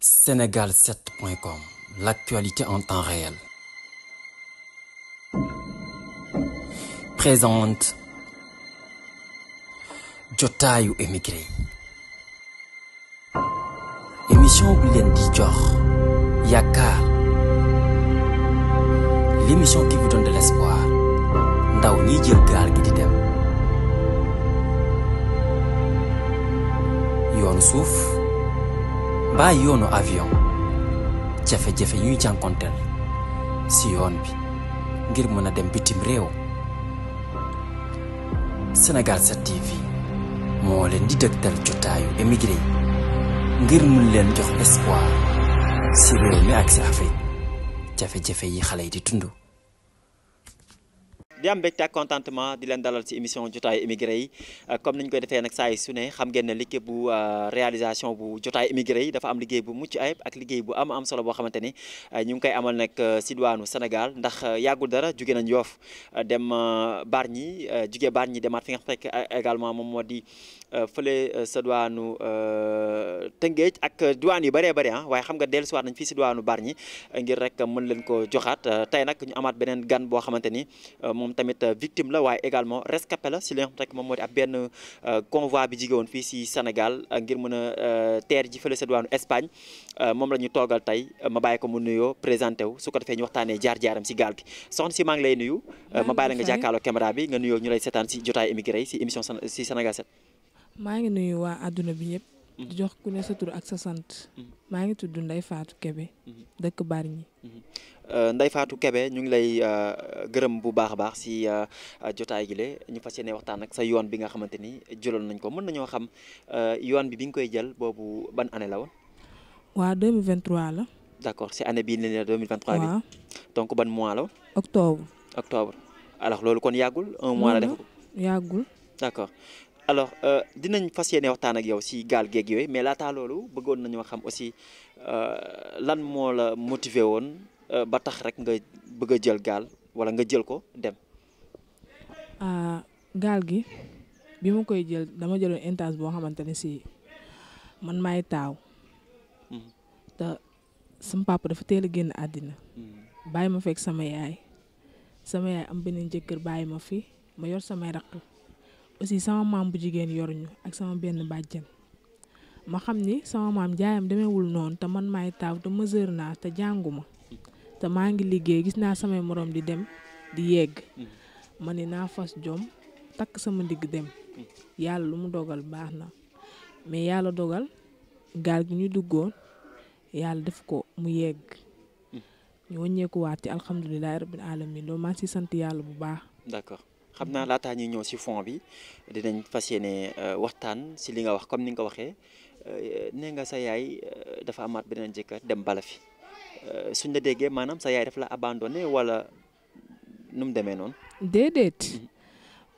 Sénégal7.com, l'actualité en temps réel. Présente jotaayu émigré émission bu leen di jox yaakaar l'émission qui vous donne de l'espoir ndaw ñiy jël gaal gi di dem yoonu suuf. mbaa yoonu avion jafe-jafe yuy jànkonteel si yoon bi ngir mën a dem bitim réew Sénégal 7 TV moo leen di dëgtal jotaayu émigré yi ngir mun leen jox espoir si réew mi ak si Afrique jafe-jafe yi xale yi di tund di am mbégte contentement di leen dalal ci émission jotaayu immigré yi euh, comme niñ koy defee nag saa yi su ne xam ngeen ne liggéey bu euh, réalisation bu jotaayu immigré yi dafa am liggéey bu mucc ayib ak liggéey bu am am solo boo xamante ni euh, ñu ngi koy amal nag ci diwaanu Sénégal ndax yàggul dara jóge nañ yoof dem Bargny jóge Bargny demaat fi nga xam ne également moom moo di Euh, fële euh, sa diwaanu euh, Tëngéej ak diwaan yu bëree bëri ah waaye xam nga dellusiwaat nañ fii si bar Bargny ngir rek mën leen ko joxaat tey nag ñu amaat beneen gan boo xamante ni moom tamit victime la waaye également rescapé la si li xam rek moom moo di benn convoi bi jige fii si Sénégal ngir mën a teer ji fële sa diwaanu Espagne moom la ñu toogal tey ma bàyyi ko mu nuyoo présenté wu su ko defee ñu waxtaanee jaar-jaaram si gaal gi soxna si maa ngi lay nuyu ma bàyyi la nga jàkkaarloo caméra bi nga nuyoo ñu lay si jotaay émigré yi si émission si maa ngi nuyu waa àdduna bi yëpp. Mm-hmm. jox ku ne sa tur ak sa sant. Mm-hmm. maa ngi tudd nday faatu Kebe. Mm-hmm. dëkk Bargny. Euh, Ndeye Fatou Kebe ñu ngi lay euh, gërëm bu baax a baax si euh, jotaay gi le ñu fas yéene waxtaan ak sa yoon bi nga xamante ni jëloon nañ ko mën nañoo xam yoon bi bi nga koy jël boobu ban année la woon. waa 2023 la. d' accord si année bii nii la 2023 bi. donc ban mois la. octobre octobre alors loolu kon yàggul un mois la def. yàggul d' accord. alors euh, dinañ fas yéene waxtaan ak yow si gaal geeg yooyu mais laataa loolu bëggoon nañoo xam aussi euh, lan moo la motiver woon euh, ba tax rek nga bëgg a jël gaal wala nga jël ko dem. Ah, gaal gi bi ma koy jël dama jëloon intage boo xamante ne si man maay taaw. Mhm. te sama papa dafa teel a génn àddina. Mhm. bàyyi ma fekk sama yaay sama yaay am beneen jëkkër bàyyi ma fi ma yor samay raq. aussi sama maam bu jigéen yor ñu ak sama benn bàjjen ma xam ni sama maam jaayam demeewul noonu te man maay taaw te mesure naa te jànguma te maa ngi liggéey gis naa samay moroom di dem di yegg mm-hmm. ma ne naa fas jom takk sama ndigg dem mm-hmm. yàlla lu mu dogal baax na mais yàlla dogal gaal gi ñu duggoon yàlla def ko mu yegg mm-hmm. ñu wàññeekuwaat ci alhamdulilah rabbil alamin loolu maa ngi sant yàlla bu baax d'accord xam naa laataa ñuy ñëw si fond bi dinañ fas yéene euh, waxtaan si li nga wax comme ni nga ko waxee euh, nee nga sa yaay euh, dafa amaat beneen jëkkër dem bala fi suñ la déggee maanaam sa yaay daf la abandonné wala nu mu demee noonu. déedéet. Mhm.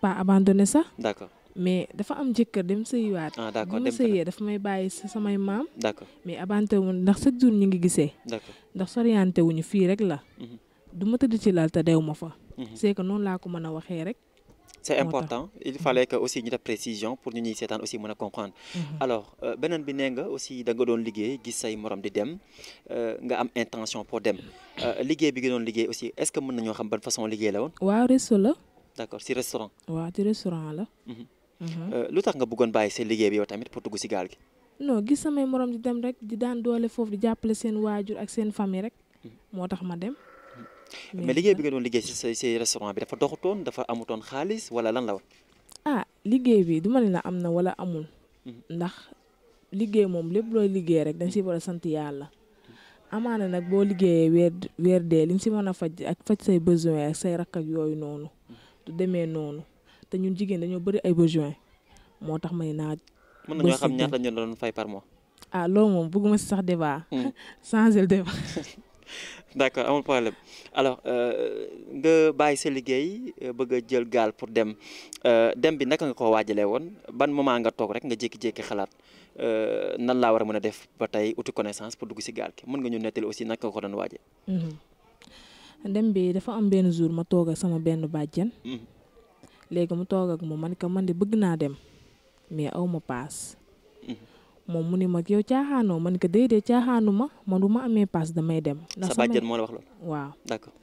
pas abandonné sax. d'accord. mais dafa am jëkkër dem sëyiwaat. ah d'accord dem sëyee dafa may bàyyi sa samay maam. d'accord mais abante wu ndax chaque jour ñu ngi gisee. d'accord ndax soriante wuñu fii rek la. Mhm. du ma tëdd ci lal te dew ma fa. Mhm. noonu laa ko mën a waxee rek. c'est important il mm-hmm. fallait que aussi ñu def précision pour ñu ñuy seetaan aussi mën a comprendre mm-hmm. alors euh, beneen bi nee aussi da doon liggéey gis say morom di dem euh, nga am intention pour dem euh, liggéey bi nga doon liggéey aussi est-ce que mën nañoo xam ban façon liggéey la woon waaw resto la d'accord si restaurant waaw ci restaurant la mm-hmm. lu tax nga bëggoon bàyyi seen liggéey bi yow tamit pour dugg si gaal gi non gis samay morom di dem rek di daan doole foofu di jàppale seen waajur ak mais liggéey bi nga doon liggéey si si restaurant bi dafa doxutoon dafa amutoon xaalis wala lan la woon. ah liggéey bi duma ne la am na wala amul. Mhm. ndax liggéey moom lépp looy liggéey rek dañ si war a sant yàlla. amaana nag boo liggéeyee weer weer dee li si mën a faj ak faj say besoin ak say rakk ak yooyu noonu. du demee noonu te ñun jigéen dañoo bëri ay besoin moo tax may naa. mën nañoo xam ñaata ñu doon fay par mois. ah loolu moom bëgguma si sax d hmm. changer le débat. d'accord amul problème alors euh, nga bàyyi sa liggéey euh, bëgg a jël gaal pour dem euh, dem bi naka nga ko waajalee woon ban moment nga toog rek nga jékki-jékki xalaat nan laa war a mën a def ba tey uti connaissance pour dugg si gaal ki mën nga ñu nettali aussi naka nga ko doon waaje mhm. dem bi dafa am benn jour ma toog ak sama benn bàjjen mhm. léegi mu toog ak man ka man de bëgg naa dem mais aw paas moom mu ni ma yow caaxaanoo man ko déedéet caaxaanu ma man bu ma amee paas damay dem. ndax sa bàjjen moo la wax loolu. waaw d'accord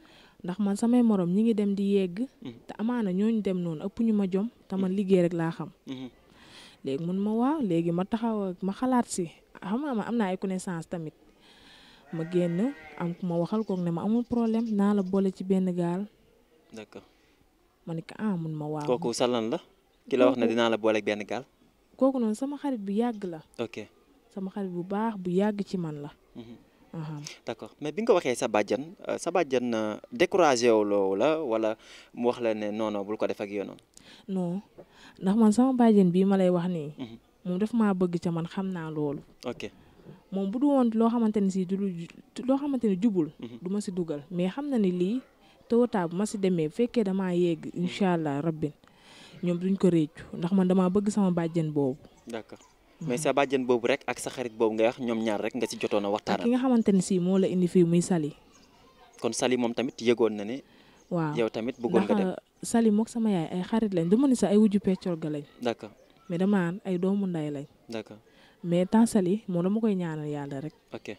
ndax man samay moroom ñi ngi dem di yegg. Mhm. te amaana ñooñu dem noonu ëpp ñu ma jom. te man mhm. liggéey rek laa xam. Mhm. léegi mun ma waaw léegi ma taxaw ma xalaat si xam ma am naa ay connaissance tamit ma génn am ku ma waxal kook ne ma amul problème naa la boole ci benn gaal. d'accord ne ko ah mun ma waaw. kooku la ki la wax ne dinaa la boole benn gaal. kooku noonu sama xarit bu yàgg la. ok sama xarit bu baax bu yàgg ci man la. Mhm. d'accord mais bi nga ko waxee sa bàjjan euh, sa bàjjan euh, découragé wu la wala mu wax la ne non bul ko def ak yoonam. non ndax man sama bàjjan bii ma lay wax nii. Mhm. moom def maa bëgg ca man xam naa loolu. ok moom bu du woon loo xamante ni si du loo xamante ni jubul. Mhm. du ma si dugal mais xam na ni lii tawata bu ma si demee bu fekkee damaa yegg incha allah rabbin ñoom duñ ko réccu ndax man damaa bëgg sama bàjjen boobu. d'accord mais sa bàjjen boobu rek ak sa xarit boobu nga wax ñoom ñaar rek nga ci jotoon a waxtaan. ki nga xamante ne si moo la indi fii muy Sali. kon Sali moom tamit yëgoon na ne. waa yow tamit bëggoon nga Sali moog sama yaay ay xarit lañ du ma ni sax ay wujju peccor ga lañ. d'accord mais dama ay doomu nday lañ. d'accord mais tant Sali moom dama koy ñaanal yàlla rek. ok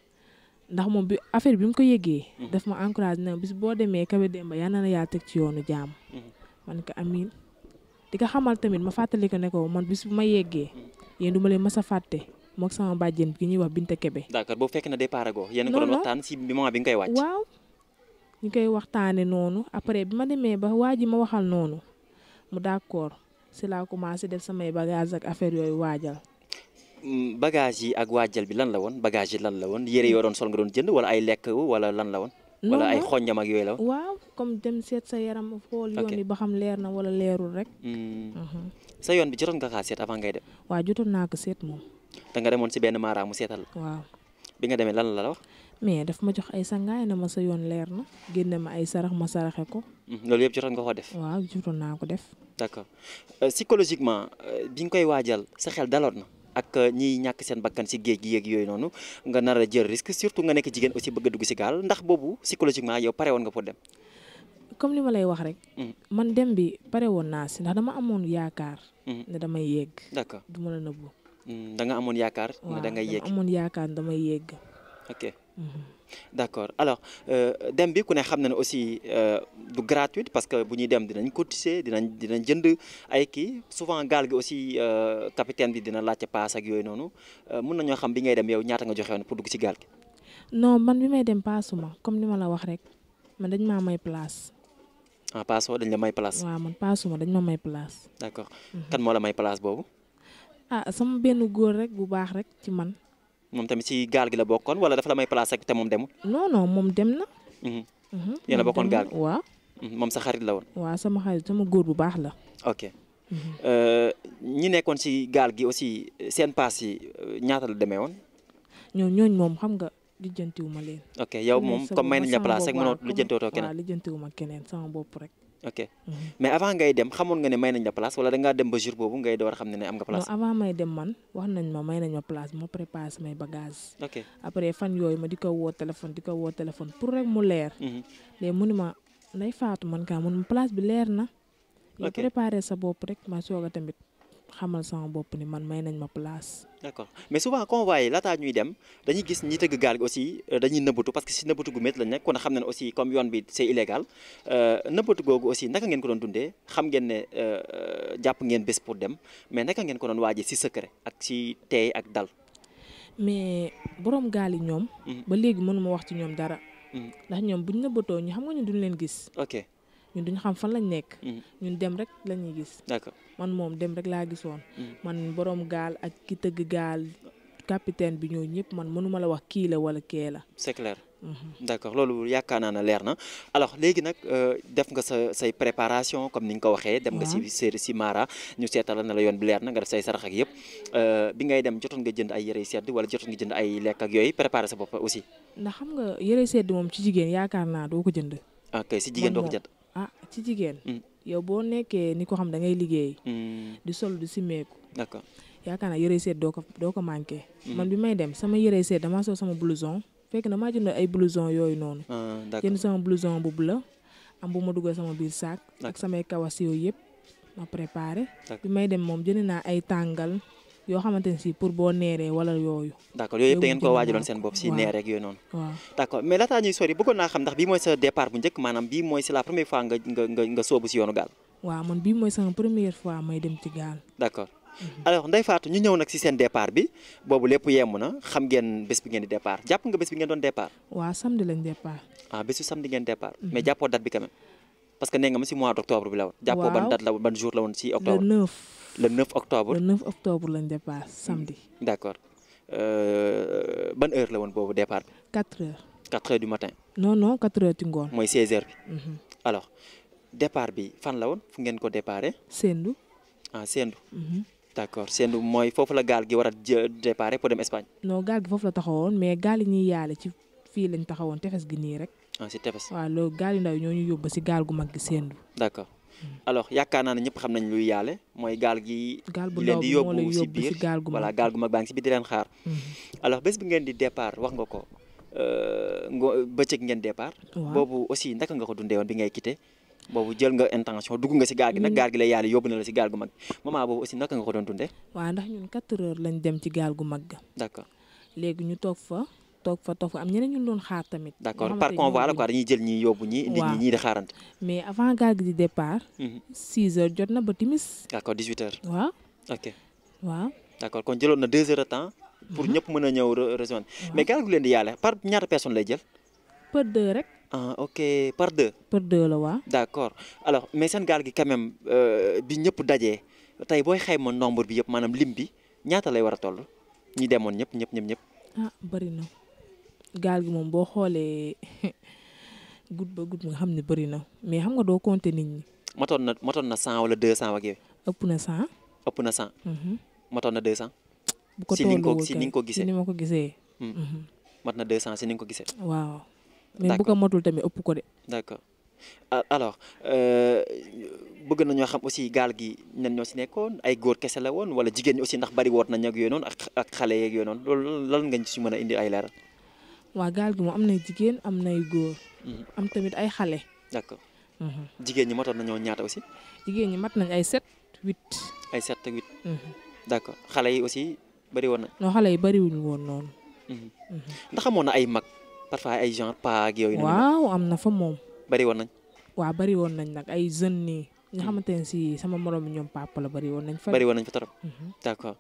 ndax moom bi affaire bi mu ko yëgee. Mhm. def ma encouragé na bis boo demee Kabe Demba yàlla na la yaa teg ci yoonu jaam. Mhm. man ko amiin di ko xamal tamit ma fàttali ko ne ko man bi su ma yeggee yéen duma ma leen mës a fàtte mook sama bàjjen bi ñuy wax Binta Kebe. d'accord boobu fekk na départ agoo. yéen ko doon waxtaan si moment bi nga koy wàcc. waaw ñu koy waxtaanee noonu après bi ma demee ba waa ji ma waxal noonu mu d'accord si laa commencé def samay bagage ak affaire yooyu waajal. Hmm, bagage yi ak waajal bi lan la woon bagage yi lan la woon yére yoo doon sol nga doon jënd wala ay lekk wala lan la woon. wala ay xonjam ak yooyu la. waaw comme dem seet sa yaram xool yoon yi ba xam leer na wala leerul rek. Hmm. Mhm. sa yoon bi jotoon nga kaa seet avant ngay dem. waaw jotoon naa ko seet moom. da nga demoon si benn maaraamu seetal. waaw bi nga demee lan la la wax. mais daf ma jox ay sa sangaay na ma sa yoon leer na génne ma ay sarax ma saraxe ko. Hmm, loolu yëpp jotoon nga ko def. waaw jotoon naa ko def. d'accord euh, psychologiquement euh, bi nga koy waajal sa xel daloon na. ak euh, ñiy ñàkk seen bakkan si géej gi yeeg yooyu noonu nga nar a jël surtout nga nekk jigéen aussi bëgg a dugg si gaal ndax boobu psychologiquement yow pare woon nga pour dem. comme ni ma lay wax rek. Mm. man dem bi pare woon naa si ndax dama amoon yaakaar. Mm. ne damay yéeg d'accord du ma la nëbbu. Mm, da nga amoon yaakaar. ne da ngay yegg waaw amoon yaakaar damay yéeg ok. d' accord alors euh, dem bi ku ne xam na ne aussi euh, du gratuite parce que bu ñuy dem dinañ cotiser dinañ dinañ jënd ay kii souvent gaal gi aussi euh, capitaine bi dina laajte paas ak yooyu noonu mun nañoo xam bi ngay dem yow ñaata nga joxe woon pour dugg ci gaal gi. non man bi may dem paasuma comme ni ma la wax rek man dañ maa may place. ah paasoo dañ la may place. waaw man paasuma dañ ma may place. d' accord mhm. kan moo la may place boobu. ah sama benn góor rek bu baax rek ci man. moom tamit ci gaal gi la bokkoon wala dafa la may place ak te moom demul. non moom dem na. Mhm. Mhm. yéen a bokkoon gaal gi waa mhm, moom sa xarit la woon. waa sama xarit sama góor bu baax la. ok euh, ñi nekkoon ci gaal gi aussi seen paas yi euh, ñaata la demee woon. ñooñu ñooñu moom xam nga lijjantiwuma leen. ok yow moom comme may nañ la place rek mënoo lijjantiwutoo lijjantiwuma keneen sama bopp rek. ok mhm. mais avant ngay dem xamoon nga ne may nañ la place wala dangaa dem ba jour boobu ngay door a xam ne ne am nga place. non avant may dem man wax nañ ma may nañ ma place ma préparé samay bagages. ok après fan yooyu ma di ko woo téléphone di ko woo téléphone pour rek mu leer. Mhm. mais mu ne ma nday faatu man kaa man place bi leer na. ok préparé sa bopp rek ma soog a tamit. xamal sama bopp ni man may nañ ma place. d'accord mais souvent convoi yi laataa ñuy dem dañuy gis ñi tëgg gaal gi aussi euh, dañuy nëbbatu parce que si nëbbatu gu métti lañ nekk kon xam nañ aussi comme yoon bi c'est illégal euh, nëbbatu googu aussi naka ngeen ko doon dundee xam ngeen ne euh, jàpp ngeen bés pour dem mais naka ngeen ko doon waajee si secret ak si teey ak dal. mais borom gaal yi ñoom. Mhm. ba léegi mënuma wax ci ñoom dara. Mhm. ndax ñoom buñ nëbbatoo ñu xam nga ñu duñ leen gis. ñun duñ xam fan lañ nekk. Mm. ñun dem rek la ñuy gis. d'accord man moom dem rek laa gisoon. Mm. man boroom gaal ak ki tëgg gaal capitaine bi ñooñu ñëpp man mënuma la wax kii la wala kee la. c'est clair. Mm-hmm. loolu yaakaar naa ne leer na alors léegi nag euh, def nga sa say préparation comme ni nga ko waxee. dem nga si séeréer si Mara ñu seetal na la yoon bi leer na nga def say sarax ak yëpp euh, bi ngay dem jotoon nga jënd ay yëre sedd wala jotoon nga jënd ay lekk yooyu préparer sa bopp aussi. ndax xa nga yëre sedd moom ci jigéen yaakaar naa doo ko jënd. ok ko jënd. ah ci jigéen. Hmm. yow boo nekkee ni ko xam da ngay liggéey. Hmm. di sol di simeeku. d'accord yaakaar naa yëre seet doo ko doo ko manqué. Hmm. man bi may dem sama yëre seet damaa sol sama blouson fekk na maa jënd ay blouson yooyu noonu. Ah, jënd sama blouson bu bleu am bu ma dugal sama biir saak. ak samay kawas yooyu yëpp ma préparé. bi may dem moom jënd naa ay tàngal. yoo xamante ne si pour boo neeree wala yooyu. d' accord yooyu yëpp da ngeen koo waajaloon seen bopp si neer rek yooyu noonu. waaw d' mais laataa ñuy sori bëggoon naa xam ndax bii mooy sama première fois may dem ci gaal. d' accord mhm. alors ñu ñëw nag si seen départ bi boobu lépp yemm xam ngeen bés bi ngeen di départ jàpp nga bés bi ngeen doon départ. waaw samedi lañ départ. ah bésu ngeen départ. Mhm. mais jàppoo date bi quand parce que nee nga mois d' bi la jàppoo ban date la ban jour la woon si octobre. le 9 le 9 octobre. le 9 octobre d' accord ban heure la woon boobu départ bi. 4 heures. 4 heures du matin. non non 4 heures ci ngoon. mooy 16 heures bi. Mhm. alors départ bi fan la woon fu ngeen ko déparé. Sendou. ah Sendou. Mhm. d' accord Sendou mooy foofu la gaal gi war a déparé pour dem Espagne. non gaal gi foofu la taxawoon mais gaal yi ñuy yaale ci fii lañ taxawoon tefes gi nii rek. ah si tefes waaw loolu gaal yu ndaw ñoo ñu yóbbu si gaal gu mag gi séendu. d'accord alors yaakaar naa ne ñëpp xam nañ luy yaale mooy gaal gi. gaal bu yóbbu si gaal gu mag di leen xaar. Mhm. alors bés bi ngeen di départ wax euh, gi nag mm. gaal gi la yàlla na la si gaal gu mag moment boobu aussi naka nga ko doon dundee. waaw ndax ñun 4 heures lañ dem ci gaal gu mag ga. d'accord léegi ñu toog fa toog fa toog fa am ñeneen ñu doon xaar tamit. d'accord par convoi la quoi dañuy jël ñi yóbbu ñi. nit ñi di xaarante. mais avant gaal gi di départ. 6 mhm. heures jot na ba timis. d'accord 18 heures. waaw ok. waaw d'accord kon jëloon na 2 heures de temps. pour mhm. ñëpp mën a ñëw rejoindre. mais gaal leen di yàlla par ñaata personne lay jël. par deux rek. ah par deux. par deux la waaw. d'accord alors mais seen gi quand même euh, bi ñëpp dajee tey booy xayma nombre bi yëpp maanaam lim bi ñaata lay war a toll ñi demoon ñëpp ñëpp ñëpp ñëpp. ah bari gaal gi moom boo xoolee gud ba gud nga xam ne bëri na mais xam nga doo compter nit ñi. matoon na san na wala deux cent ak yow. ëpp na cent. ëpp na cent. Mhm. na deux cent. bu ko tolloo si ni ko gisee ni ma ko gisee. mat hmm. mhm. na deux cent si ni nga ko gisee. waaw. mais bu ko matul tamit ëpp ko de. d'accord alors euh, bëgg nañoo xam aussi gaal gi ñan ñoo si nekkoon ay góor kese la woon wala jigéen ñi aussi ndax bari woot nañ ak yooyu noonu ak xale yooyu noonu loolu nga ñu si mën a indi ay leeral. waa gaal gi moom am nay jigéen am nay góor. Mm-hmm. am tamit ay xale. d'accord mm-hmm. jigéen ñi matoon nañoo ñaata aussi. jigéen ñi mat nañ ay sept huit. ay sept ak huit. Mm-hmm. d'accord xale yi aussi bëri woon na. non xale yi bëriwuñu woon noonu. ndax na ay mag parfois ay genre pas ak yooyu. waaw am na fa moom. bëri woon nañ. waaw bëri woon nañ nag ay jeunes ni nga xamante ne si sama moroom ñoom papa la bari woon nañ fa. bari woon nañ trop. Mhm. d'accord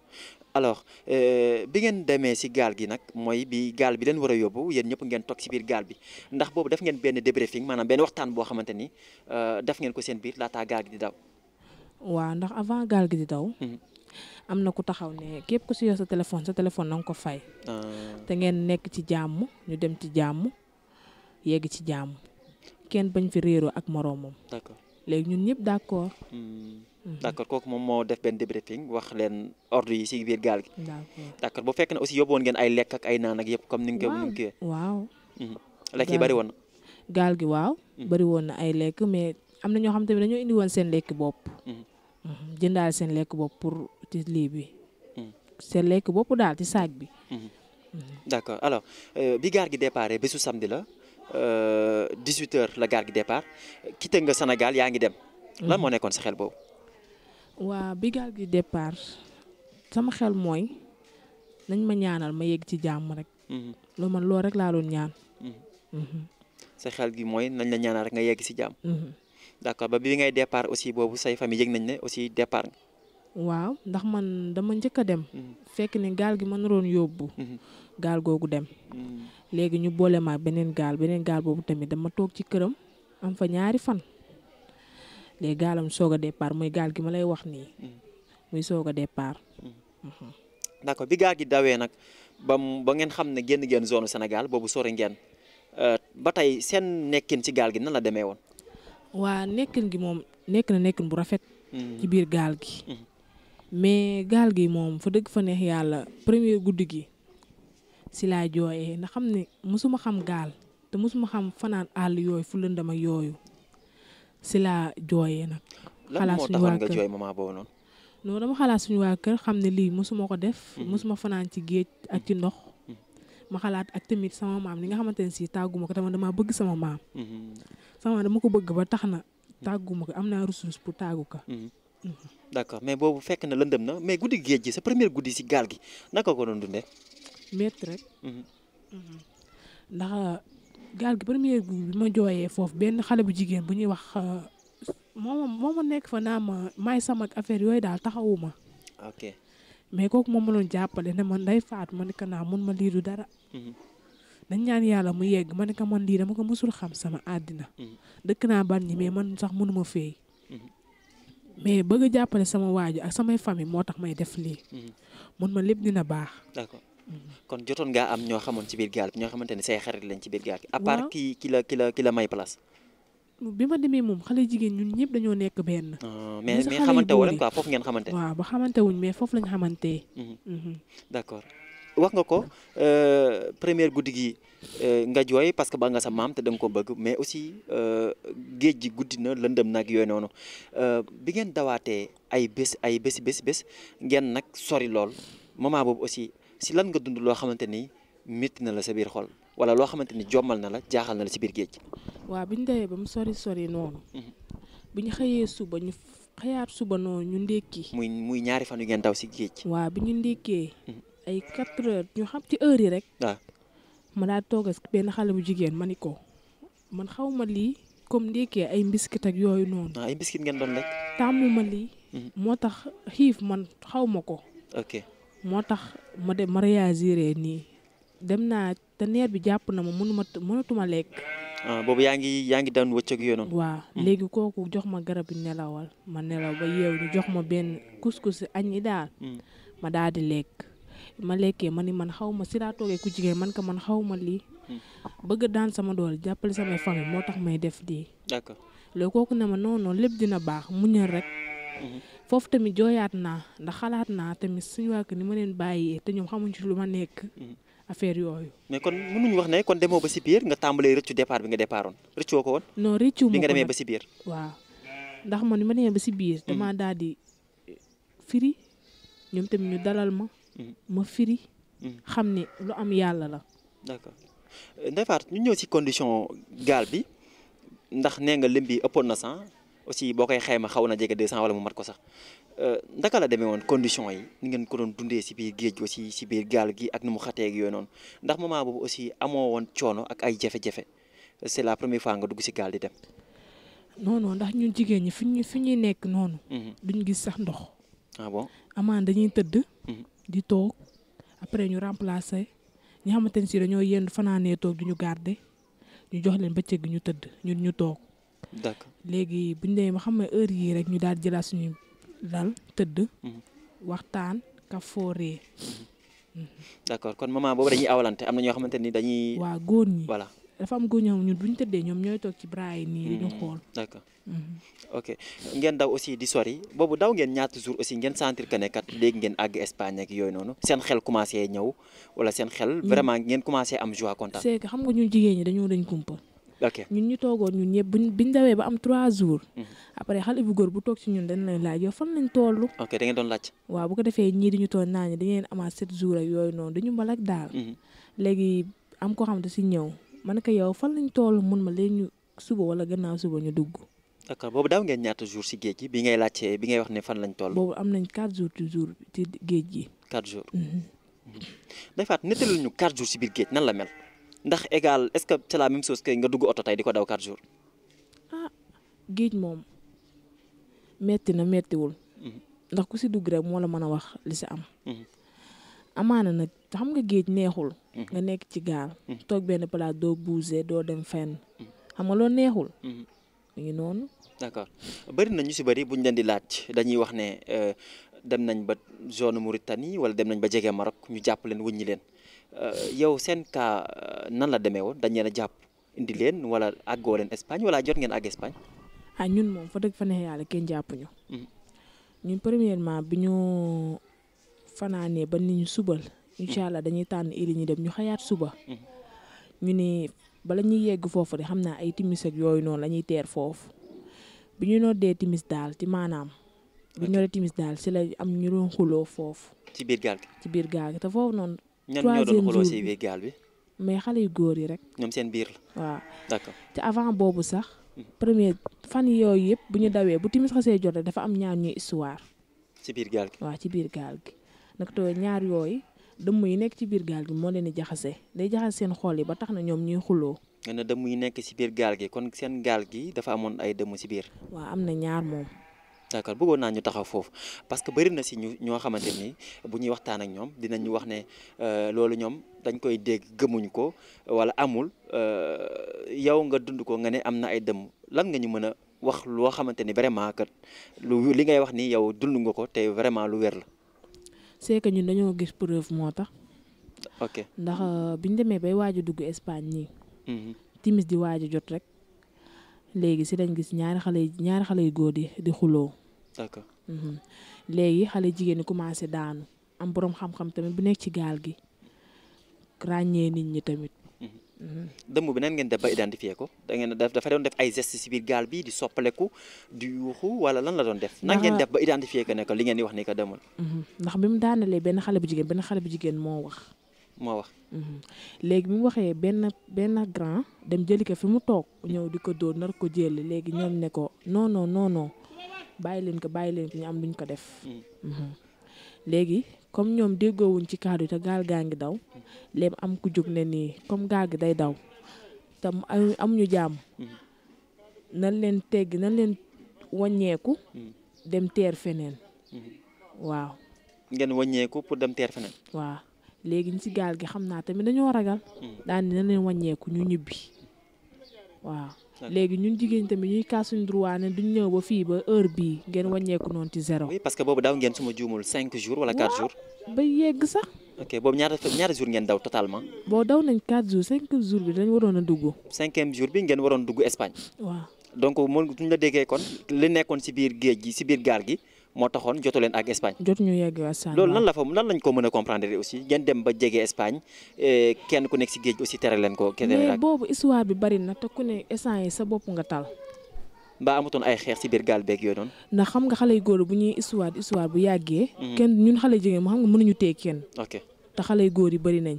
alors euh, bi ngeen demee si gaal gi nag mooy bi gaal bi leen war a yóbbu yéen ñëpp ngeen toog si biir gaal bi ndax boobu daf ngeen benn débriefing maanaam benn waxtaan boo xamante ni euh, daf ngeen ko seen biir laataa gaal gi di daw. waaw ndax avant gaal gi di daw. Mhm. am na ku taxaw ne képp ku si yor sa téléphone sa téléphone na nga ko fay. Ah. te ngeen nekk ci jàmm ñu dem ci jàmm yegg ci jàmm kenn bañ fi réeroo ak moroomam. d'accord. léegi ñun ñëpp d'accord. Hmm. d'accord kooku moom moo def benn wax leen ordre yi ci biir gaal gi. d'accord bu fekk ne aussi yóbbu woon ngeen ay lekk ak ay naan ak yëpp comme ni nga ko. waaw waaw. Hmm. lekk yi bari woon na. gaal gi waaw. Hmm. bari woon na ay lekk mais am na ñoo xam tamit dañoo indi woon seen lekk bopp. jëndaal seen lekk bopp pour ci lii bi. seen lekk bopp daal ci saak bi. d'accord alors euh, bi gaal gi départ bésu samedi la. Euh, dix huit heures la gaal gi départ quitté nga Sénégal yaa ngi dem. lan moo mhm. nekkoon sa xel boobu. waaw bi gaal gi départ sama xel mooy nañ ma ñaanal ma yegg ci jàmm rek. Mhm. loolu man loolu rek laa doon ñaan. Mhm. sa gi mooy nañ la ñaanal rek nga yegg jàmm. d'accord ba bi ngay départ aussi boobu say famille yëg nañ ne aussi départ nga. waaw ndax man dama njëkk a dem. fekk ne gaal gi ma naroon yóbbu. gaal googu dem. léegi ñu boole ma beneen gaal beneen gaal boobu tamit dama toog ci këram am fa ñaari fan de gaalam soog a départ muy gaal gi ma lay wax nii. Hmm. muy soog a départ. Hmm. Mhm. d'accord bi gaal gi dawee nag ba mu ba ngeen xam ne génn ngeen zone senegal boobu sori ngeen euh, ba tey seen nekkin ci gaal gi na la demee woon. waa nekkin gi moom nekk na nekkin bu rafet. Hmm. ci biir gaal gi. mais gaal gi moom fa dëgg fa neex yàlla premier guddi gi. si laa jooyee ndax xam ne mosuma xam gaal te mosuma xam fanaan àll yooyu fu lëndam ak yooyu si laa jooyee nag. xalaat suñu waa kër lan moo taxoon nga jooy xalaat suñu waa kër xam ne lii mosuma ko def. mosuma mhm. fanaan ci géej ak ci ndox. Mhm. ma xalaat ak tamit sama maam li nga xamante ne si tàgguma ko tamit dama bëgg sama maam. Mhm. sama dama ko bëgg ba tax na tàgguma ko am naa ressource pour tàggu ko. d'accord mais boobu fekk na lëndëm na mais guddi géej gi sa première guddi si gaal gi naka ko doon dundee. métti rek. Mhm. ndax gaal gi premier bi ma jooyee foofu benn xale bu jigéen bu ñuy wax moom euh, moom nekk fa naa ma may sama ak affaire yooyu daal taxawuma ok mais kooku moom ma jàppale ne man day faat ma ne naa mun ma lii dara. Mhm. dañ ñaan yàlla mu yegg ma ne man lii dama ko mësul xam sama àddina. Mhm. dëkk naa ban ñi mais man sax mënuma feey mais bëgg a jàppale sama waaju ak samay famille moo tax may def lii. mun ma lépp dina baax. kon jotoon ngaa am ñoo xamoon ci biir gaal ñoo xamante ne say xarit lañ ci biir gaal gi. à ki ki la ki la may place. bi ma demee moom xale jigéen ñun ñëpp dañoo nekk benn. Ah, mais mais xamante wu rek quoi foofu ngeen xamante. waaw ba xamante wuñ mais foofu lañ xamante. Mhm. Mhm. d'accord wax nga ko euh, première guddi gi euh, nga jooy parce que ba nga sa maam te ko bëgg mais aussi euh, géej gi guddi na lëndëm nag yooyu noonu bi ngeen dawaatee ay bés ay bési bés bés ngeen nag sori lool moment boobu aussi. si lan nga dund loo xamante ni métti na la sa biir xol wala loo xamante ni jommal na la jaaxal na la si biir géej. waaw bi ñu demee ba mu sori sori noonu. Mhm. bi ñu xëyee suba ñu xëyaat suba noonu ñu ndékki. muy muy ñaari fan yu ngeen daw si géej. waa bi ñu ndékkee. Mhm. ay 4 heures ñu xam ci heure yi rek. ma daal toog benn xale bu jigéen ma ni ko man xaw ma lii. comme ndékkee ay mbiskit ak yooyu noonu. Ah, ay mbiskit ngeen doon lekk. tàmmu ma lii. Mhm. moo tax xiif man xaw ko. moo tax ma de ma nii dem naa te neer bi jàpp na ma mënuma mënatuma lekk. Ah, boobu yaa ngi yaa ngi daan wëcceeg yooyu noonu. Hmm. léegi kooku jox ma garab yi nelawal ma nelaw ba yeew ñu jox ma benn couscous añ yi daal. Hmm. ma daal di lekk ma lekkee ma ni man xaw ma si ku jigéen man ka man xaw ma lii. Hmm. bëgg daan sama doole jàppale samay famille moo tax may def lii. d'accord léegi kooku ne ma non non lépp dina baax muñal rek. foofu tamit jooyaat naa ndax xalaat naa tamit suñu waa kër ni ma neen bàyyee te ñoom xamuñ ci lu ma nekk. Mm-hmm. affaire yooyu. mais kon mënuñu wax ne kon demoo ba si biir nga tàmbalee rëccu départ bi nga départoon rëccoo ko woon. non rëccu mu bi ba si biir. waaw ndax man ni ma demee ba si biir. Mm-hmm. damaa daal di ñoom tamit ñu dalal ma. Mm-hmm. firi. xam ne lu am yàlla la. d'accord euh, ñu ñëw si condition gaal bi ndax nee nga lim bi ëppoon na 100 aussi boo koy xayma xaw na jege 200 wala mu mat ko sax euh, ndaka la demee woon condition yi ni ngeen ko doon dundee si biir géej aussi si biir gaal gi ak nu mu xatee ak yooyu noonu ndax moment boobu aussi amoo woon coono ak ay jafe-jafe la première fois dugg si gaal dem. non non ndax ñun jigéen ñi fi ñu fi ñuy nekk noonu. Mhm. du ñu gis sax ndox. ah bon amaan dañuy tëdd. Mhm. di toog après ñu remplacer ñi xamante ne si dañoo yendu fanaanee toog du ñu garder ñu jox leen bëccëg gi ñu tëdd ñun ñu toog. d'accord léegi bu ñu demee ba xam ne heure yii rek ñu daal jëlaat suñu dal tëdd. Mhm. waxtaan ka fooree. Mhm. d' accord kon maman boobu dañuy awalante am na ñoo xamante ni dañuy. waaw góor ñi voilà. dafa am góor ñoo xam ñun tëddee ñoom ñooy toog ci bras yi nii. ñu mhm. xool d' ngeen daw aussi di sori boobu daw ngeen ñaata jours aussi ngeen sentir que ne kat léegi ngeen àgg Espagne ak yooyu noonu seen xel commencé ñëw wala seen xel. vraiment ngeen commencé am joie contact. c' xam nga ñun jigéen ñi dañoo dañ kumpa. ñun ñu toogoon ñun ñëpp buñ biñ dawee ba am trois jours. Mhm. après xal bu góor bu toog ci ñun dañ lay laaj yow fan lañ toll. ok da ngeen doon laaj. waaw bu ko defee ñii dañu toog naa ñu dañu leen amaat sept yooyu noonu dañu mbal ak daal. Mhm. léegi am koo xam ne si ñëw man ko yow fan lañ toll mun ma leen ñu suba wala gannaaw suba ñu dugg. d'accord boobu daaw ngeen ñaata jours si géej gi bi ngay laajte bi ngay wax ne fan lañ toll. boobu am nañ quatre jours ci jour ci géej gi. quatre jours. Mhm. day faat nettaluñu quatre jours si biir géej nan la mel. ndax égal est-ce que c'est la même chose que nga dugg oto tey di ko daw 4 jours. ah géej moom metti na mettiwul. Mhm. ndax ku si dugg rek moo la mën a wax li si am. Mhm. amaana nag xam nga géej neexul. Mhm. nga nekk ci gaal. toog benn place doo bouger doo dem fenn. xam nga loolu neexul. mu ngi noonu. d'accord bëri na ñu si bëri buñ leen di laaj dañuy wax ne euh, dem nañ ba zone Mauritanie wala dem nañ ba jege Maroc ñu jàpp leen ñi leen. Euh, yow seen cas euh, nan la demee woon dañ leen a jàpp indi leen wala àggoo leen Espagne wala jot ngeen àgg Espagne. ah ñun moom fa dëgg fa kenn jàppuñu. Mhm. premièrement bi ñu fanaanee ba ni ñu subal. Mhm. allah dañuy tànn ili ñu dem ñu xayaat suba. Mhm. ñu ne bala ñuy yegg foofu de xam naa ay timis ak yooyu noonu la ñuy teer foofu bi ñu noddee timis daal ci maanaam. bi ñu noddee timis daal si la am ñu doon xuloo foofu. ci biir gaal gi te foofu noonu ñan ñoo doon xuloo si biir gaal bi mais xale yu góor yi rek ñoom seen biir la waaw d'accord te avant boobu sax mm-hmm. premier fan yooyu yëpp bu ñu dawee bu timis xasee jot dafa am ñaar ñuy histoire ci biir gaal gi waaw ci biir gaal gi nag to ñaar yooyu dëmm yu nekk ci biir gaal gi moo leen di jaxase day jaxase seen xool yi ba tax na ñoom ñuy xuloo nga ne dëmm yi nekk ci biir gaal gi kon seen gaal gi dafa amoon ay dëmm ci biir waa am na ñaar moom d'accord bëggoon naa ñu taxaw foofu parce que bëri na si ñu ñoo xamante ni bu ñuy waxtaan ak ñoom dinañu wax ne euh, loolu ñoom dañ koy dégg gëmuñ ko wala amul euh, yow nga dund ko nga ne am na ay dëmm lan nga ñu mën a wax loo xamante ni vraiment kat lu li ngay wax ni yow dund nga ko te vraiment lu weer la. c'est que ñun dañoo gis preuve moo tax. ok ndax euh, bi ñu demee bay waaj a dugg Espagne nii. Mm-hmm. timis di waaju jot rek. léegi si dañ gis ñaari xale ñaari xale yu góor di di xuloo. d'accord. Mhm. léegi xale jigéen ñi commencé daanu am boroom xam-xam tamit bu nekk ci gaal gi ràññee nit ñi tamit. Mhm. Mhm. dëmm bi nan ngeen def ba identifier ko da ngeen def dafa doon def ay gestes si biir gaal bi di soppaleku di yuuxu wala lan la doon def. nan ngeen def ba identifier ko ne li ngeen di wax ne ko dëmm. ndax bi mu daanalee benn xale bu jigéen benn xale bu jigéen moo wax. moo wax. Mhm. léegi bi mu waxee benn benn grand dem jëli ko fi mu toog ñëw di ko dóor nar ko jëli léegi ñoom ne ko noonoo noonoo bàyyi leen ko bàyyi leen ko ñu am luñ ko def. Mm. Mhm. léegi comme ñoom déggoowuñ ci kàddu te gaal gaa ngi daw léem am ku jóg ne nii comme gaal gi day daw te amuñu jàmm. nan leen teggi nan leen wàññeeku. Mm. dem teer feneen. Mm-hmm. waaw. ngeen wàññeeku pour dem teer feneen. waaw. léegi ñu si gaal gi xam naa tamit dañoo ragal. Hmm. daan na leen wàññeeku ñu ñibbi waaw. léegi ñun jigéen tamit ñuy kaas suñu droit ne duñ ñëw ba fii ba heure bii ngeen wàññeeku noonu ci zéro. oui parce que boobu daaw ngeen suma juumul cinq jours wala quatre jours. ba yegg sax. ok boobu ñaata ñaata jours ngeen daw totalement. boo daw nañ quatre jours cinq jours bi dañ waroon a dugg. cinquième jour bi ngeen waroon dugg Espagne. waaw donc moom suñ la déggee kon li nekkoon si biir géej gi si biir gaal gi. moo taxoon jotu leen ak Espagne. jot ñu yegg Espagne loolu lan lañ ko mën a comprendre aussi ngeen dem ba jege Espagne eh, kenn ku nekk si géej aussi tere leen ko. mais boobu histoire bi bari na te ku ne instant yi sa bopp nga tal. mbaa amutoon ay xeex si biir gaal beeg yooyu noonu. ndax xam nga xale yu góor bu ñuy histoire histoire bu yàggee. Mhm. kenn ñun xale jigéen mu xam nga mënuñu téye kenn. ok te xale yu góor yi bari nañ.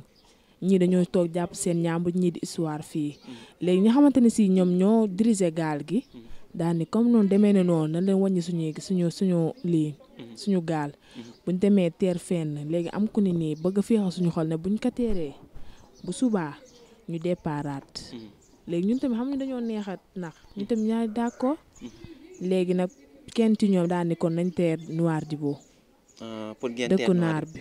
ñii dañoo toog jàpp seen ñaambu ñii di histoire fii mhm. léegi ñi xamante ne si ñoom ñoo diriger gaal gi. Mhm. daal comme noonu demee ne noonu nañ leen wàññi suñuy suñu suñu lii mhm. suñu gaal mhm. buñ demee teer fenn léegi am ku ne nii bëgg a féexal suñu xol ne bu ñu ko teeree bu subaa ñu déparaat mhm. léegi ñun tamit xam ñu dañoo neex a nax ñu tamit ñaari d'accord léegi nag kenn ci ñoom daal ni kon nañ teer noir di boo ah, dëkku naar bi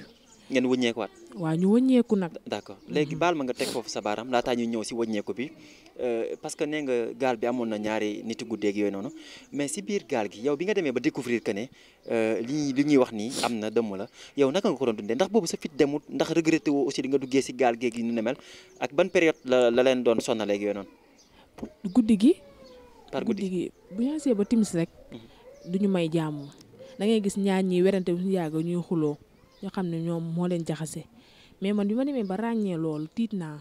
ngeen wëññeekuwaat waaw ñu wëññeeku nag. d'accord léegi mm-hmm. baal ma nga teg foofu sa baaraam laataa ñuy ñëw si wëññeeku bi euh, parce que nee nga gaal bi amoon na ñaari niti guddeeg yooyu noonu mais si biir gaal gi yow bi nga demee ba découvrir que ne euh, li li ñuy wax nii am na dëmm la yow naka nga ko doon dundee ndax boobu sa fit demut ndax regretté woo aussi di nga duggee si gaal géeg yi nu ne mel ak ban période la la leen doon sonnaleeg yooyu noonu. guddi gi. par guddi gi bu ñu xasee ba timis rek. Mm-hmm. du ñu may jaamu da ngay gis ñaar ñi werante bu ñu xuloo ñoo xam ne ñoom moo leen jaxase mais man bi ma demee ba ràññee loolu tiit naa.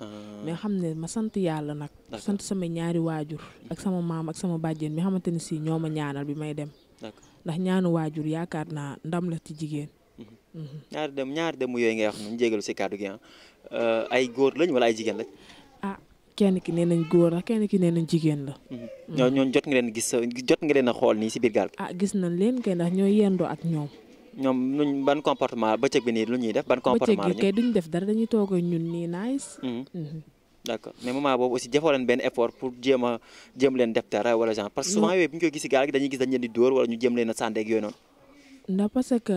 Ah. mais xam ne ma sant yàlla nag. sant sama ñaari waajur. ak sama maam ak sama bàjjen mi xamante ne si ñoo ma ñaanal bi may dem. ndax ñaanu waajur yaakaar naa ndam la ci jigéen. Mhm. Mhm. ñaari dem ñaari dem yooyu ngay wax ñu jégalu si kàddu gi ah. euh, ay góor lañ wala ay jigéen ah kenn ki nee nañ góor la kenn ki nee nañ jigéen la. Mhm. ñooñu jot nga leen gis jot nga leen a xool nii si biir gaal ah gis nañ leen kay ndax ñooy yendoo ak ñoom. ñoom ban comportement ba bi nii lu ñuy def ban comportement la kay def dara dañuy toog ñun nii nice mm-hmm. mm-hmm. d' accord mais moment boobu aussi defoo leen benn effort pour jéem a jéem leen def dara wala genre que souvent yooyu bu ñu koy gis si gaal gi gis dañ leen di dóor wala ñu leen a sàndeeg yooyu noonu ndax parce que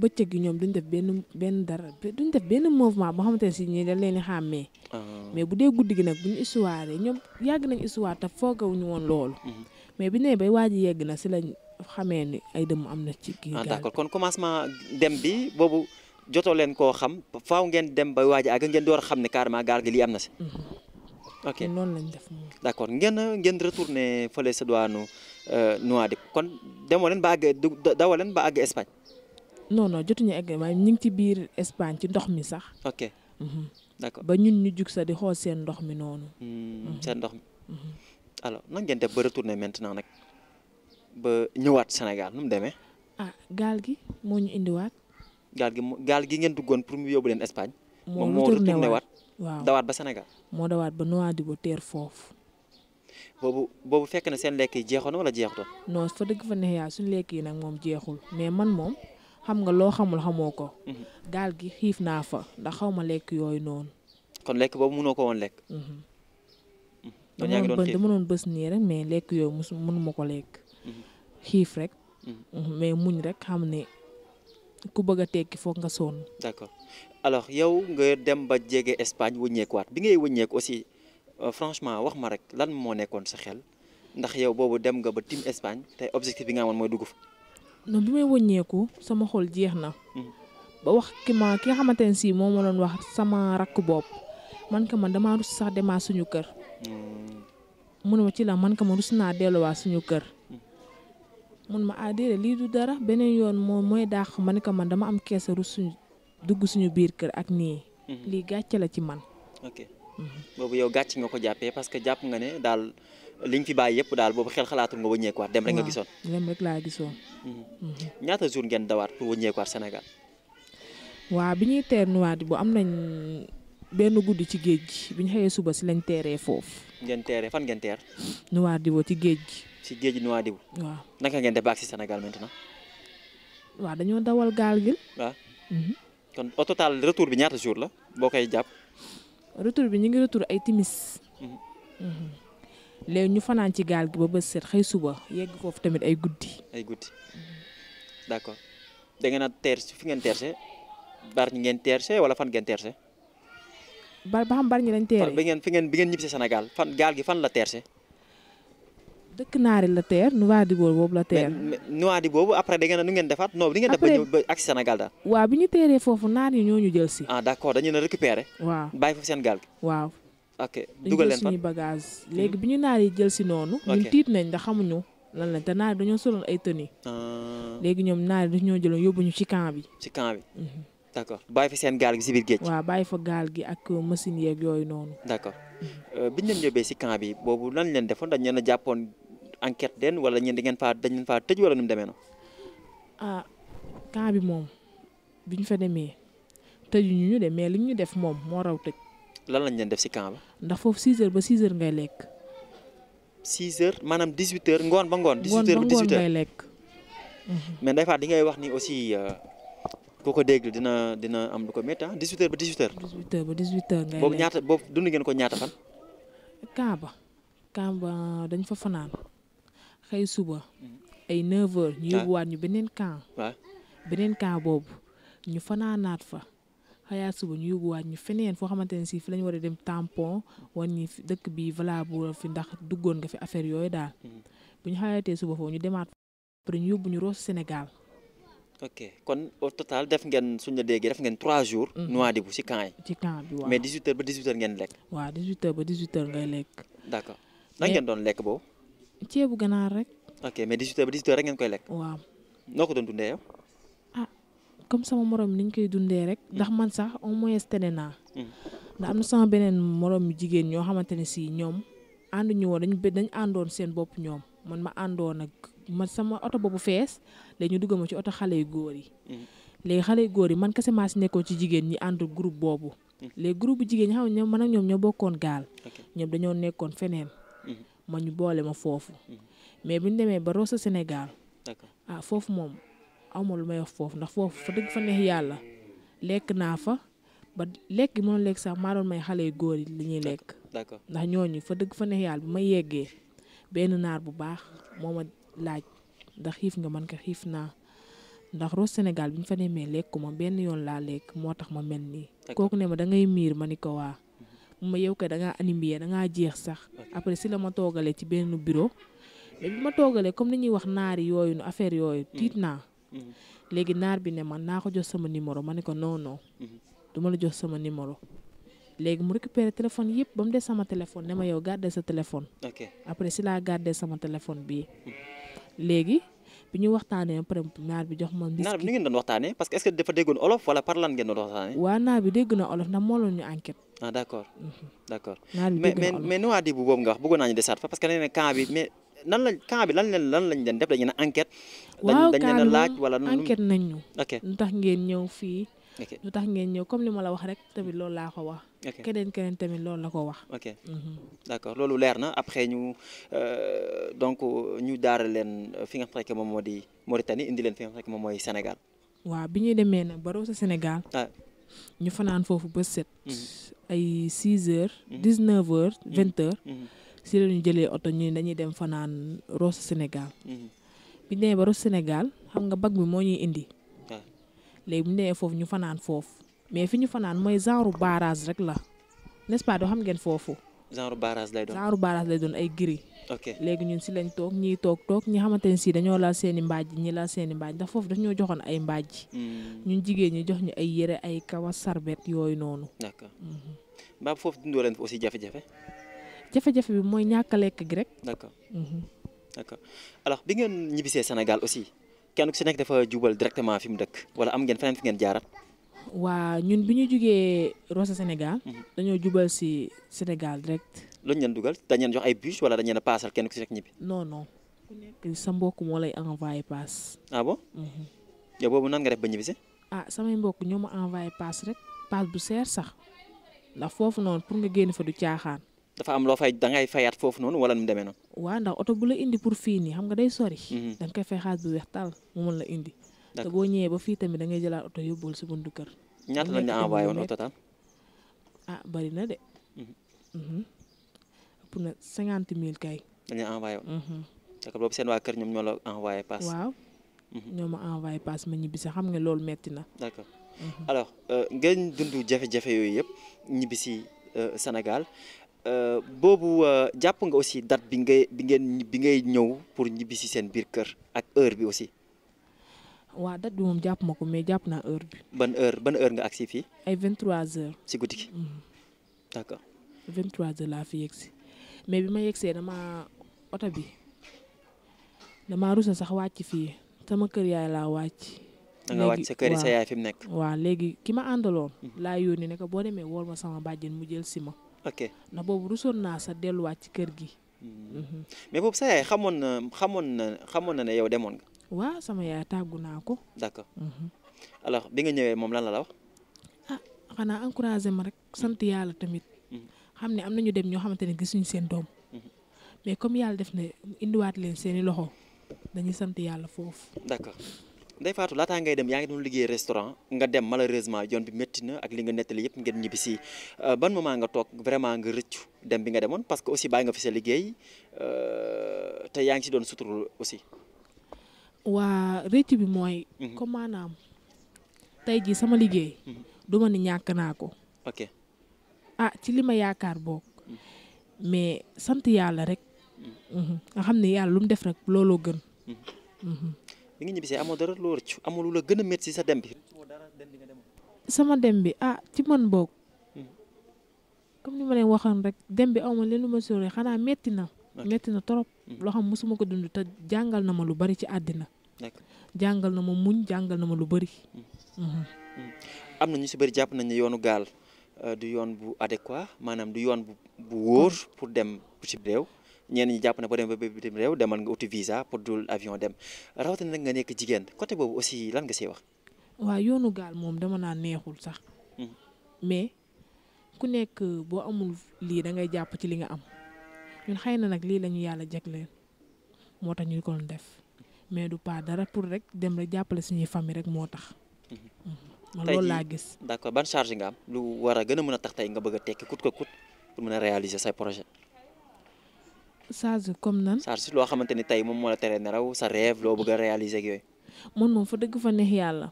bëccëg gi ñoom duñ def benn benn dara duñ def benn mouvement boo xamante ne si ñi dañ leen di xàmmee ah. mais bu dee guddi gi nag bu ñu histoire ñoom yàgg nañ histoire te foogawuñu woon loolu mm-hmm. mais bi ñu nee bay waaj yegg na si lañ xamee ni ay dëmm am na ci kii. ah d'accord kon commencement dem bi boobu jotoo leen koo xam faw ngeen dem bay waaj ak ngeen door a xam ne carrément gaal gi lii am na si. Mhm. ok noonu lañ def moom. d'accord ngeen ngeen retourné fële sa douane euh, Nouadhib kon demoo leen ba àgg dawoo ba àgg Espagne. non non jotuñu egg waaye ñu ngi ci biir Espagne ci ndox mi sax. ok mhm. d'accord ba ñun ñu jug sa di xool seen ndox mi noonu. Hmm, mhm. seen ndox mi. alors nan ngeen def ba retourner maintenant nag ba ñëwaat Sénégal nu mu demee. ah gaal gi moo ñu indiwaat. gaal gi gaal gi ngeen duggoon pour mu yóbbu leen Espagne. moom moo retourné waat waaw dawaat ba Sénégal. moo dawaat ba Nouadhibou teer foofu. boobu boobu fekk na seen lekk yi jeexoon wala jeexutoon. non fa dëgg fa neex yaa suñu lekk yi nag moom jeexul mais man moom xam nga loo xamul xamoo ko. Mhm. gaal gi xiif naa fa ndax xaw ma lekk yooyu noonu. kon lekk boobu mënoo ko lekk. Mhm. loolu yaa ngi doon dama doon bës nii rek mais lekk yooyu mosu mënuma ko lekk. Mm-hmm. xiif rek. Mm-hmm. Mm-hmm. mais muñ rek xam ne ku bëgg a tekki foog nga sonn. d'accord alors yow nga dem ba jege Espagne wëññeekuwaat bi ngay wëññeeku aussi euh, franchement wax ma rek lan moo nekkoon sa xel ndax yow boobu dem nga ba tim Espagne te objectif bi nga amoon mooy dugg fa. non bi may wëññeeku sama xol jeex na. ba wax ki ma ki nga xamante ne sii moom ma doon wax sama rakk bopp man ka man dama rus sax demaa suñu kër. mun ma ci la man ka ma rus naa delluwaat suñu kër mm. mun ma adire ah, lii du dara beneen yoon moom mooy dàq man ka man dama am keesa rus suñu dugg suñu biir kër ak nii mm-hmm. lii gàcce la ci man ok mm-hmm. boobu yow gàcc nga ko jàppee parce que jàpp nga ne daal liñ fi bàyyi yëpp daal boobu xel xalaatul nga wëññeekuwaat dem rek nga gisoon dem rek laa gisoon mm-hmm. ñaata jour ngeen dawaat pour wëññeekuwaat Sénégal waa bi ñuy teer nuwaat bu am nañ benn guddi ci géej gi bi ñu xëyee suba si lañ teere foofu. ngeen teeree fan ngeen teer. Nouadhibou ci géej gi. ci géej gi Nouadhibou. waa naka ngeen def ba agsi Sénégal maintenant. waaw dañoo dawal gaal gi. waaw. Mhm. kon au retour bi ñaata jour la boo koy jàpp. retour bi ñu ngi retour ay timis. Mhm. Mhm. léegi ñu fanaan ci gaal gi ba bës set xëy suba yegg foofu tamit ay guddi. ay guddi d'accord da ngeen a teer fi ngeen teerse bar ngeen teerse wala fan ngeen teerse. ba ba xam bari ñi lañ teere bi ngeen fi ngeen bi ngeen ñibbisi fan gaal gi fan la teerse dëkk naari la teer Nouadhibou boobu la teer Nouadhibou boobu après da ngeen nu ngeen defaat non di ngeen def ba ñëw ba ak Sénégal daal waaw bi ñu teeree foofu naar yi ñoo ñu jël si ah d' accord dañu ne récupérer waaw bàyyi foofu seen gaal gi waaw ok dugal leen fan suñu bagage hmm. léegi bi ñu naar yi jël si noonu ñun tiit nañ da xamuñu lan lañ te naar dañoo soloon ay tenue ah. léegi ñoom naar yi dañoo jëloon yóbbu ñu ci camp bi ci camp bi mhm. d' accord bàyyi fa seen gaal gi si biir géej. waaw bàyyi fa gaal gi ak machine yeeg yooyu noonu. d' accord euh, biñ leen si bi boobu lan leen defoon dañ leen jàppoon enquête den wala ñeen da ngeen faa dañ leen faa tëj wala nu mu demee ah, bi moom biñ fa demee tëjuñu ñu de mais li ñu def moom moo raw tëj. lan lañ leen def si camp ba. ndax foofu 6 heures ba 6 heures ngay lekk. 6 heures maanaam 18 ngoon ba ngoon. 18 heures ba 18 heures ngoon ba ngoon ngay lekk. mais Ndeye Fatou li ngay wax ni aussi euh, ku ko dégg dina dina am lu ko métti ah ba 18h. 18h ba 18h ngay boobu ñaata boobu dund ngeen ko ñaata fan. Kaaba Kaaba dañ fa fanaan xëy suba. ay 9h ñu ah. yóbbuwaat ñu beneen camp. waaw beneen camp boobu ñu fanaanaat fa. xayaa suba ñu yóbbuwaat ñu feneen foo xamante ne si fi lañ war a dem tampon wan ñi dëkk bi valabo fi ndax duggoon nga fi affaire yooyu daal. Hmm. bu ñu xayaatee suba foofu ñu demaat après ñu yóbbu ñu Rosso Sénégal. ok kon au total def ngeen suñu la déggee def ngeen trois jours. Mhm. Nouadhibou ci camp ci camp bi waaw mais 18h ba 18h ngay lekk. d'accord nan ngeen doon lekk boobu. ceebu ganaar rek. ok mais 18h ba 18h rek ngeen koy lekk. waaw noo ko doon dundee yow. ah comme sama morom ni ñu koy dundee rek. Mhm. ndax man sax au moins tene naa. Mhm. ndax am na sama beneen morom jigéen ñoo xamante ne si ñoom ànduñu woon dañ dañ àndoon seen bopp ñoom man ma ma sama oto boobu fees léegi ñu dugg ma ci oto xale yu góor yi. Mm-hmm. léegi xale yu góor yi man kese maa si nekkoon ci jigéen ñi ànd group boobu. Mm-hmm. léegi groupe jigéen ñi xam ne man ak ñoom ñoo bokkoon gaal. ñoom dañoo nekkoon feneen. Mm-hmm. ma ñu boole ma foofu. mais bi ñu demee ba Rosso Sénégal. ah foofu moom awma may wax foofu ndax foofu yàlla lekk naa fa ba lekk gi lekk sax maa may xale yu góor yi li ñuy lekk. ndax ñooñu fa dëgg fa neex yàlla bi ma yeggee benn naar bu baax moo ma laaj ndax xiif nga man ko xiif naa ndax Rose Sénégal bi ñu fa demee ma benn yoon laa lekk moo tax ma mel nii. kooku ne ma da ngay miir ma ni ko waa mu ma yow kay da ngaa animé da ngaa jeex sax après si la ma toogalee ci benn bureau ma toogalee comme ni ñuy wax naari yooyu nu affaire yooyu mm. tiit naa. Mm-hmm. léegi naar bi ne man naa ko jox sama numéro ma ne ko non non mm-hmm. la jox sama numéro. léegi mu récupéré téléphone yëpp ba mu des sama téléphone ne ma yow garder sa téléphone. après si laa gàddee sama téléphone bii. Mm-hmm. léegi bi ñu waxtaanee pare naar bi jox ma. naar bi ni ngeen doon waxtaanee parce que est-ce que dafa déggoon olof wala par lan ngeen doon waxtaanee. waaw na moo loon ñu enquête. ah d'accord mhm. d'accord. naar bi dégg na olof mais mais mais bu boobu nga wax bëggoon naa lan lañ lan lañ leen def dañu ne enquête. waaw dañu laaj wala enquête nañ ñu. ok lu tax ngeen ñëw fii. lu tax ngeen ñëw comme li ma la wax rek tamit loolu laa ko wax keneen keneen tamit loolu la ko wax. Mhm. loolu leer na après ñu euh, donc ñu daara leen fi nga xam moom moo di Mauritanie indi leen fi nga moom mooy Sénégal. waa bi ñuy demee nag ba sa Sénégal. Ah. ñu fanaan foofu ba set. Mhm. ay 6 heures. 19 mhm. heures 20 heures. si la ñu jëlee oto ñu dañuy dem fanaan Rosso Sénégal. bi ñu demee ba Rosso Sénégal xam nga bag bi moo ñuy indi. Ah. léegi bu ñu demee foofu ñu fanaan foofu. mais fi ñu fanaan mooy genre barrage rek la n'est-ce pas doo xam ngeen foofu. genre barrage lay doon genre lay doon ay giri. ok léegi ñun si lañ toog ñii toog toog ñi xamante ne si dañoo laal seeni i mbaaj ñi laal seeni i mbaaj ndax foofu dañoo joxoon ay mbaaj. Hmm. ñun jigéen ñi jox ñu ay yére ay kawas sarbet yooyu noonu. d'accord mhm. mbaa foofu dundoo leen aussi jafe-jafe. bi mooy ñàkk lekk gi rek. d'accord mhm. d'accord alors bi ngeen ñibbisee Sénégal aussi kenn ku si nekk dafa directement fi mu dëkk wala am ngeen feneen fi waa ñun bi ñu jugee Rosso Sénégal. Mhm. dañoo jubal si Sénégal direct. loolu ñu dugal dañ jox ay bus wala dañ leen a paasal kenn ku si rek ñibbi. non non ku sa mbokk moo lay envoyé paas. ah bon. Mhm. boobu nan nga def ba ñibbi si. ah samay ñoo ma envoyé paas rek paas bu seer sax ndax foofu noonu pour nga génn fa du caaxaan. dafa am loo fay da ngay fayaat foofu noonu wala nu mu demee noonu. waaw ndax oto bu la indi pour fii nii xam nga day sori. Mhm. da nga fay xaalis bu weex tàll la indi. te boo ñëwee ba fii tamit da ngay jëlaat oto yóbbul si buntu kër. ñaata lañ la envoyé woon au total. ah bari na de. Mhm. Mhm. ëpp na cinquante mille kay. dañ la envoyé woon. Mhm. d'accord boobu seen waa kër ñoom ñoo la envoyé pass. ma envoyé pass xam nga loolu metti na. d'accord alors euh, ngeen dund jafe-jafe yooyu yëpp ñibbisi euh, Sénégal. Euh, boobu jàpp nga aussi date bi ngay ñëw pour ñibbi seen biir kër ak heure bi aussi. waaw date bi moom jàpp ma ko mais jàpp naa heure bi. ban heure ban heure nga agsi fii. ay 23h. si guddi gi. Mhm. d'accord. 23 laa fi yegsi mais bi ma yegsee dama oto bi dama rusa sax wàcc fii sama kër yaay laa wàcc. da nga wàcc sa kër sa yaay fi mu nekk. waa léegi ki ma àndaloon. Mhm. laa yónni ne ko boo demee wool ma sama bàjjin mu jël si ma. ok ndax boobu rusoon naa sa delluwaat ci kër gi. Mhm. mais boobu sa yaay xamoon na xamoon na xamoon na ne yow demoon nga. waaw sama yaay tàggu naa ko. d'accord mhm. alors bi nga ñëwee moom lan la la ah xanaa encouragé ma rek sant yàlla tamit. Mhm. xam ne am na ñu dem ñoo xamante ne gisuñu seen doom. Mhm. mais comme yàlla def na indiwaat leen seen i loxo dañuy sant yàlla foofu. d'accord Ndeye Fatou laataa ngay dem yaa ngi doon liggéey restaurant nga dem malheureusement yoon bi métti na ak li nga nettali yëpp ngeen ñibbi si euh, ban moment nga toog vraiment nga rëccu dem bi nga demoon parce que aussi bàyyi nga fi sa liggéey euh, te yaa ngi si doon suturul aussi. waa rëcc bi mooy. Mhm. comme maanaam tey jii sama liggéey. Mhm. du ma ñàkk naa ko. ok ah ci li ma yaakaar boog. Mhm. mais sant yàlla rek. nga xam ne yàlla lu mu def rek looloo gën. bi nga ñibbisee amoo dara loo rëcc amoo lu la gën a métti si sa dem bi. sama dem bi ah ci man boog. comme ni ma leen waxoon rek dem bi aw ma leen lu ma sori xanaa metti na. metti na trop mm. loo xam mosuma ko dund te jàngal na ma lu bari ci àddina jàngal na ma muñ jàngal na ma lu bari mm. Mm-hmm. Mm. am na ñu si bari jàpp nañ ne yoonu gaal euh, du yoon bu adéquat maanaam du yoon bu wóor pour dem ci réew ñeen ñi jàpp na boo dem ba bitim réew demal nga uti visa pour du avion dem rawatina nag nga nekk jigéen côté boobu aussi lan nga siy wax waaw yoonu gaal moom dama naa neexul sax mais ku nekk boo amul lii da jàpp ci li nga am ñun xëy na nag lii la ñu yàlla jagleel moo tax ñu ko doon def mais du pas dara pour rek dem rek jàppale suñuy famille rek moo tax. man mhm. mhm. loolu laa gis. d'accord ban charge nga am lu war a gën a mën a tax tey nga bëgg a tekki kut ko kut pour mën a réaliser say projet. charge comme nan. charge loo xamante ni tey moom moo la teree neraw sa rêve loo bëgg a réaliser ak yooyu. moom fa dëgg fa neex yàlla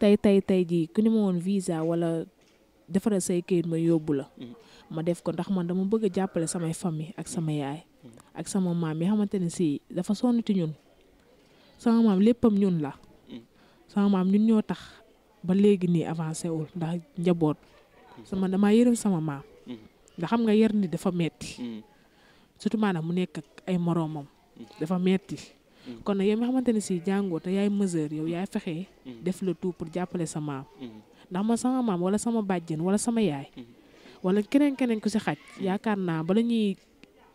tey tey tey jii ku ni ma woon visa wala defaral say kayit ma yóbbu la. Mhm. ma def ko ndax man dama bëgg a jàppale samay famille ak sama yaay ak sama maam yi xamante ne si dafa sonn ci ñun sama maam léppam ñun la sama maam ñun tax ba léegi nii avancé wul ndax njaboot sama damaa yërëm sama maam ndax xam nga yar ni dafa metti surtout maanaam mu nekk ak ay moromam dafa metti kon nag yow mi xamante ne si jàngoo yaay mesure yow yaay fexe def le tout pour jàppale sa maam ndax ma sama maam wala sama bàjjen wala sama yaay wala keneen keneen ku si xaj mm-hmm. yaakaar naa bala ñuy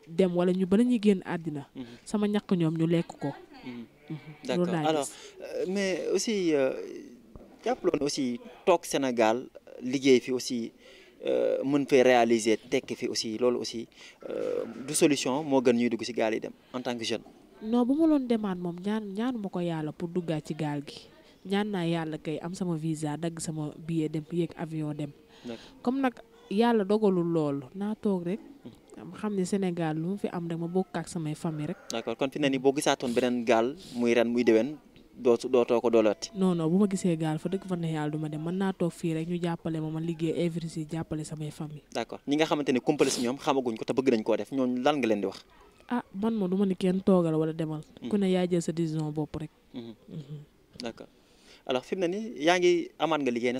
dem wala ñu bala ñuy génn àddina. Mm-hmm. sama ñàkk ñoom ñu lekk ko. Mm-hmm. d'accord alors euh, mais aussi euh, jàppaloon ne aussi toog Sénégal liggéey fi aussi euh, mën fay réaliser tekki fi aussi loolu aussi du solution moo gën ñuy dugg si gaal yi dem en tant que jeune. non bu ma loon demaat moom ñaan ñaanu ma ko yàlla pour duggaat ci gaal gi ñaan naa yàlla kay am sama visa dagg sama billet dem yéeg avion dem. comme nag yàlla dogalul loolu naa toog rek. ma xam ne Sénégal lu mu fi am rek ma bokk ak samay famille rek. d'accord kon fi ne nii boo gisaatoon beneen gaal muy ren muy déwén doo dootoo ko doolaati. non non bu ma gisee gaal fa dëgg fa ne yàlla du ma dem mën naa toog fii rek ñu jàppale ma ma liggéey évrici jàppale samay famille. d'accord ñi nga xamante ne kumpale ñoom xamaguñ ko te bëgg nañ koo def ñooñu lan nga leen di wax. ah man ma du ma ni kenn toogal wala demal. Mm-hmm. ku ne yaa jël sa décision bopp rek. Mm-hmm. Mm-hmm. d'accord alors fi mu ne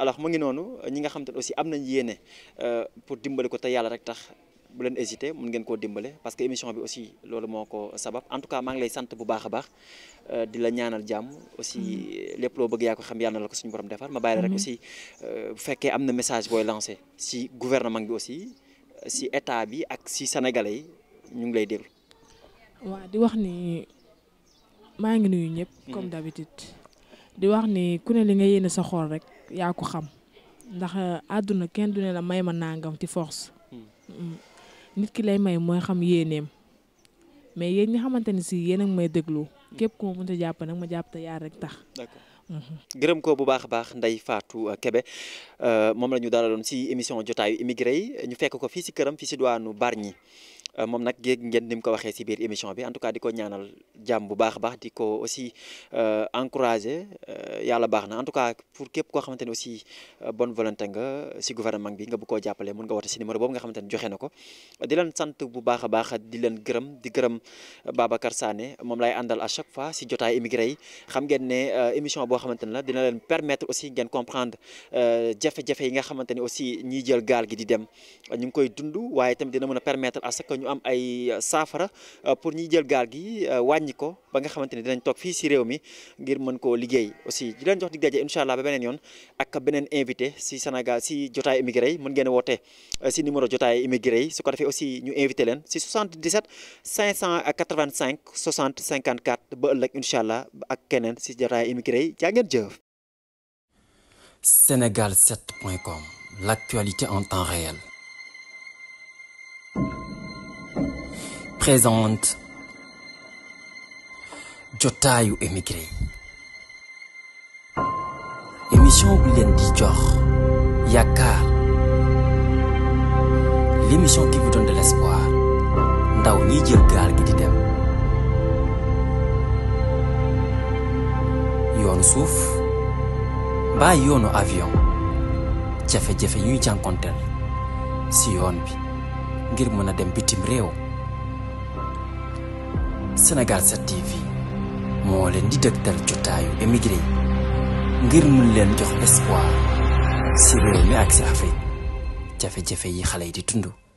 alors mu ngi noonu ñi nga xam te aussi am nañ yéene euh, pour dimbali ko te yàlla rek tax bu leen hésité mun ngeen koo dimbale parce que émission bi aussi loolu moo ko sabab en tout cas maa ngi lay sant bu baax a baax euh, di la ñaanal jàmm aussi mm-hmm. lépp loo bëgg yaa ko xam yàlla na la ko suñu borom defar ma bàyyi la rek mm-hmm. aussi euh, bu fekkee am na message booy lancé si gouvernement bi aussi si état bi ak si sénégalais yi ñu ngi lay déglu. waaw di wax ni maa ngi nuyu ñëpp. Mm-hmm. di wax ni ku ne li nga sa xol rek. yaa ko xam ndax eh, àdduna kenn du ne la may ma nangam ci force. Hmm. Hmm. nit ki lay may mooy xam yéeneem mais yéen ñi xamante ne si yéen a may déglu. Hmm. képp ko ma mënta jàpp nag ma jàpp te yaar rek tax. gërëm ko bu baax a baax Ndeye Fatou Kebe euh, moom la ñu dalaloon si émission jotaayu immigré yi ñu fekk ko fii si këram fii si diwaanu ñi moom nag géeg ngeen ni ko waxee si biir émission bi en tout cas di ko ñaanal jàmm bu baax a baax di ko aussi euh, encourager euh, yàlla baax na en tout cas pour képp koo xamante ne aussi euh, bonne volonté si gouvernement bi nga bu koo jàppale mun nga woote si numéro boobu nga xamante ne joxe na ko di leen sant bu baax a baax di leen gërëm di gërëm Babacar Sané moom lay àndal à chaque fois si jotaay immigré yi xam ngeen ne émission boo xamante ne la dina leen permettre aussi ngeen comprendre jafe-jafe yi nga xamante ne aussi ñiy jël gaal gi di dem ñu koy dund waaye tamit am ay euh, saafara euh, pour ñuy jël gaal gi euh, wàññi ko ba nga xamante ni dinañ toog fii si réew mi ngir mën koo liggéey aussi di leen jox dig daje incha allah ba beneen yoon ak beneen invité si Sénégal si jotaay immigré yi mën ngeen woote si numéro jotaay immigré su ko defee aussi ñu invité leen si 77 585 60 54 ba ëllëg incha allah ak keneen si jotaay immigré yi jaa ngeen jëf. Sénégal7.com temps présente jotaayu émigré émission bi leen di jox yaakaar l'émission qui vous donne de l'espoir ndaw ñiy jël gaal gi di dem yoon suuf mbaa yoonu avion jafe-jafe yuy jànkonteel si yoon bi ngir mën a dem bitim réew Sénégal 7 TV moo leen di dëgtal jotaayu émigré yi ngir mun leen jox espoir si réew mi ak si Afrique jafe-jafe yi xale yi di tundu